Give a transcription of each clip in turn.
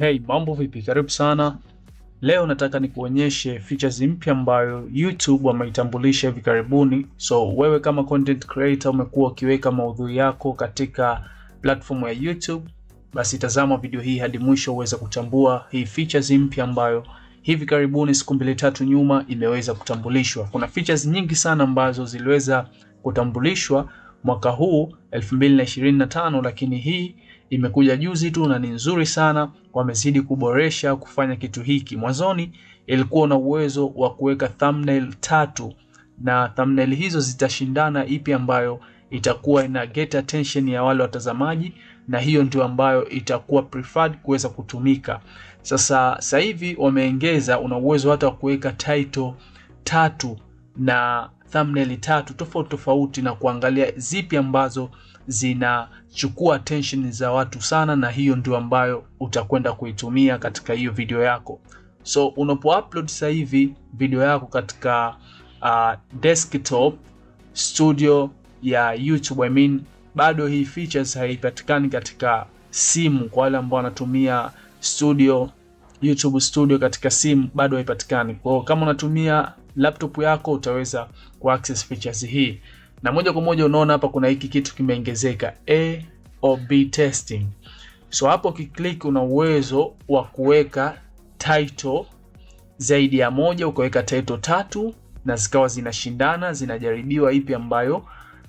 Hey, mambo vipi? Karibu sana. Leo nataka nikuonyeshe features mpya ambayo YouTube wameitambulisha hivi karibuni. So wewe kama content creator umekuwa ukiweka maudhui yako katika platform ya YouTube, basi tazama video hii hadi mwisho uweze kutambua hii features mpya ambayo hivi karibuni siku mbili tatu nyuma imeweza kutambulishwa. Kuna features nyingi sana ambazo ziliweza kutambulishwa mwaka huu 2025, lakini hii imekuja juzi tu na ni nzuri sana. Wamezidi kuboresha kufanya kitu hiki. Mwanzoni ilikuwa na uwezo wa kuweka thumbnail tatu, na thumbnail hizo zitashindana ipi ambayo itakuwa ina get attention ya wale watazamaji, na hiyo ndio ambayo itakuwa preferred kuweza kutumika. Sasa sasa hivi wameongeza, una uwezo hata wa kuweka title tatu na thumbnail tatu tofauti tofauti na kuangalia zipi ambazo zinachukua attention za watu sana, na hiyo ndio ambayo utakwenda kuitumia katika hiyo video yako. So unapo upload sasa hivi video yako katika uh, desktop studio ya YouTube, I mean, bado hii features haipatikani katika simu kwa wale ambao wanatumia studio YouTube Studio katika simu bado haipatikani. Kwa hiyo kama unatumia laptop yako utaweza ku access features hii, na moja kwa moja unaona hapa kuna hiki kitu kimeongezeka A or B testing. So hapo ukiklik, una uwezo wa kuweka title zaidi ya moja, ukaweka title tatu na zikawa zinashindana, zinajaribiwa ipi ambayo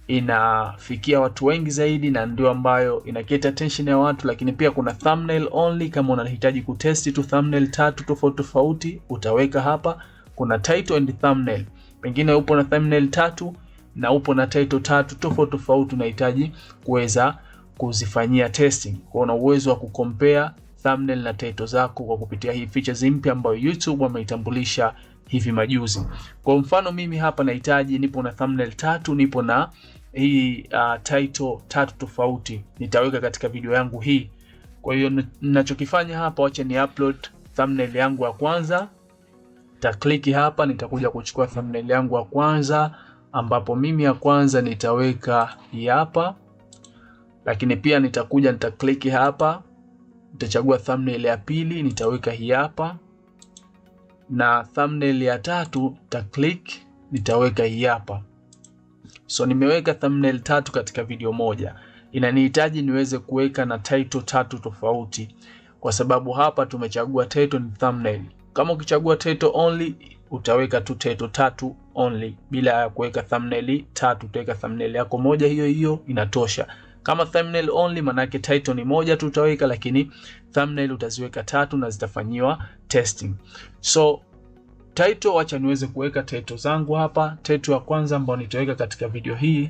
inafikia watu wengi zaidi na ndio ambayo inaketa attention ya watu, lakini pia kuna thumbnail only. Kama unahitaji kutesti tu thumbnail tatu tofauti tofauti, utaweka hapa. Kuna title and thumbnail, pengine upo na thumbnail tatu na upo na title tatu tofauti tofauti, unahitaji kuweza kuzifanyia testing. Kwa una uwezo wa kukompea thumbnail na title zako kwa kupitia hii features mpya ambayo YouTube wameitambulisha hivi majuzi. Kwa mfano mimi hapa nahitaji, nipo na thumbnail tatu, nipo na hii uh, title tatu tofauti nitaweka katika video yangu hii. Kwa hiyo ninachokifanya hapa, wacha ni upload thumbnail yangu ya kwanza, nitakliki hapa, nitakuja kuchukua thumbnail yangu ya kwanza, ambapo mimi ya kwanza nitaweka hii hapa, lakini pia nitakuja nitakliki hapa nitachagua thumbnail ya pili nitaweka hii hapa, na thumbnail ya tatu ta click nitaweka hii hapa. So nimeweka thumbnail tatu katika video moja, inanihitaji niweze kuweka na title tatu tofauti, kwa sababu hapa tumechagua title ni thumbnail. Kama ukichagua title only utaweka tu title tatu only bila ya kuweka thumbnail tatu, utaweka thumbnail yako moja hiyo hiyo inatosha. Kama thumbnail only, manake title ni moja tu utaweka, lakini thumbnail utaziweka tatu na zitafanyiwa testing. So title, wacha niweze kuweka title zangu hapa. Title ya kwanza ambayo nitaweka katika video hii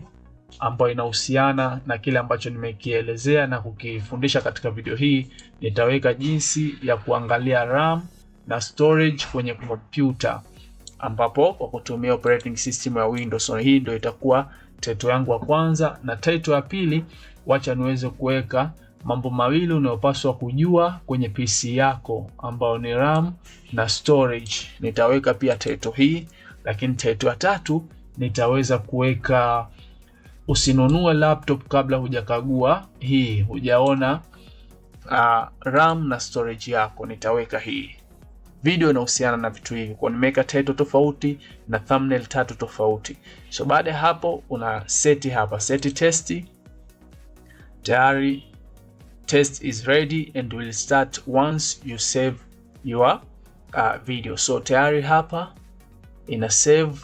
ambayo inahusiana na kile ambacho nimekielezea na kukifundisha katika video hii, nitaweka jinsi ya kuangalia RAM na storage kwenye kompyuta ambapo kwa kutumia operating system ya Windows. So hii ndio itakuwa title yangu wa kwanza na title ya pili, wacha niweze kuweka mambo mawili unayopaswa kujua kwenye PC yako ambayo ni RAM na storage. Nitaweka pia title hii, lakini title ya tatu nitaweza kuweka usinunue laptop kabla hujakagua hii, hujaona uh, RAM na storage yako, nitaweka hii video inahusiana na vitu hivi. Kwa nimeweka title tofauti na thumbnail tatu tofauti. So baada ya hapo una seti hapa, seti test tayari, test is ready and will start once you save your uh, video. So tayari hapa ina save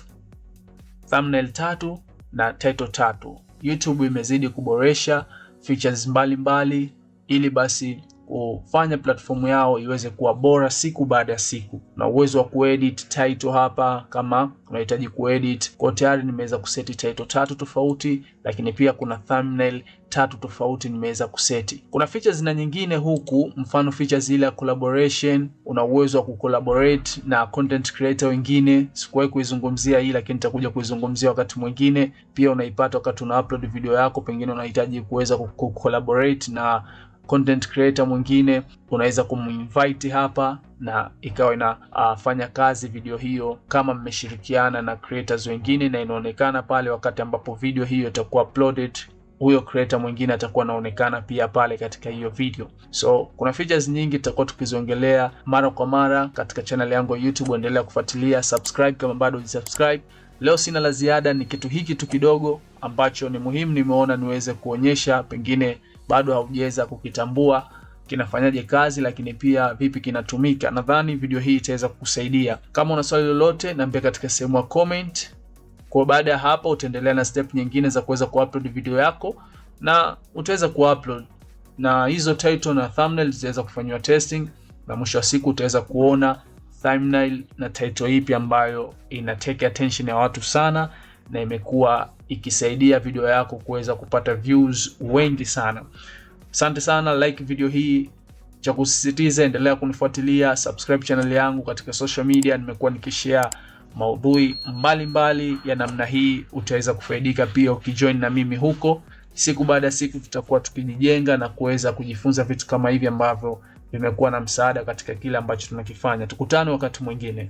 thumbnail tatu na title tatu. YouTube imezidi kuboresha features mbalimbali mbali, ili basi kufanya platform yao iweze kuwa bora siku baada ya siku, na uwezo wa kuedit title hapa, kama unahitaji kuedit kwa tayari nimeweza kuseti title tatu tofauti, lakini pia kuna thumbnail tatu tofauti nimeweza kuseti. Kuna features na nyingine huku, mfano features ile ya collaboration, una uwezo wa kucollaborate na content creator wengine. Sikuwahi kuizungumzia hii, lakini nitakuja kuizungumzia wakati mwingine. Pia unaipata wakati una upload video yako, pengine unahitaji kuweza kucollaborate na content creator mwingine unaweza kuminvite hapa na ikawa inafanya ah, uh, kazi video hiyo kama mmeshirikiana na creators wengine, na inaonekana pale wakati ambapo video hiyo itakuwa uploaded huyo creator mwingine atakuwa anaonekana pia pale katika hiyo video. So kuna features nyingi tutakuwa tukiziongelea mara kwa mara katika channel yangu ya YouTube. Endelea kufuatilia, subscribe kama bado hujasubscribe. Leo sina la ziada, ni kitu hiki tu kidogo ambacho ni muhimu nimeona niweze kuonyesha, pengine bado haujaweza kukitambua kinafanyaje kazi, lakini pia vipi kinatumika. Nadhani video hii itaweza kukusaidia. Kama una swali lolote, niambie katika sehemu ya comment. Kwa baada ya hapo, utaendelea na step nyingine za kuweza kuupload video yako na utaweza kuupload na hizo title na thumbnail zitaweza kufanyiwa testing, na mwisho wa siku utaweza kuona thumbnail na title ipi ambayo ina take attention ya watu sana na imekuwa ikisaidia video yako kuweza kupata views wengi sana. Asante sana, like video hii. Cha kusisitiza, endelea kunifuatilia, subscribe channel yangu katika social media. Nimekuwa nikishare maudhui mbalimbali ya namna hii, utaweza kufaidika pia ukijoin na mimi huko. Siku baada ya siku tutakuwa tukijijenga na kuweza kujifunza vitu kama hivi ambavyo vimekuwa na msaada katika kile ambacho tunakifanya. Tukutane wakati mwingine.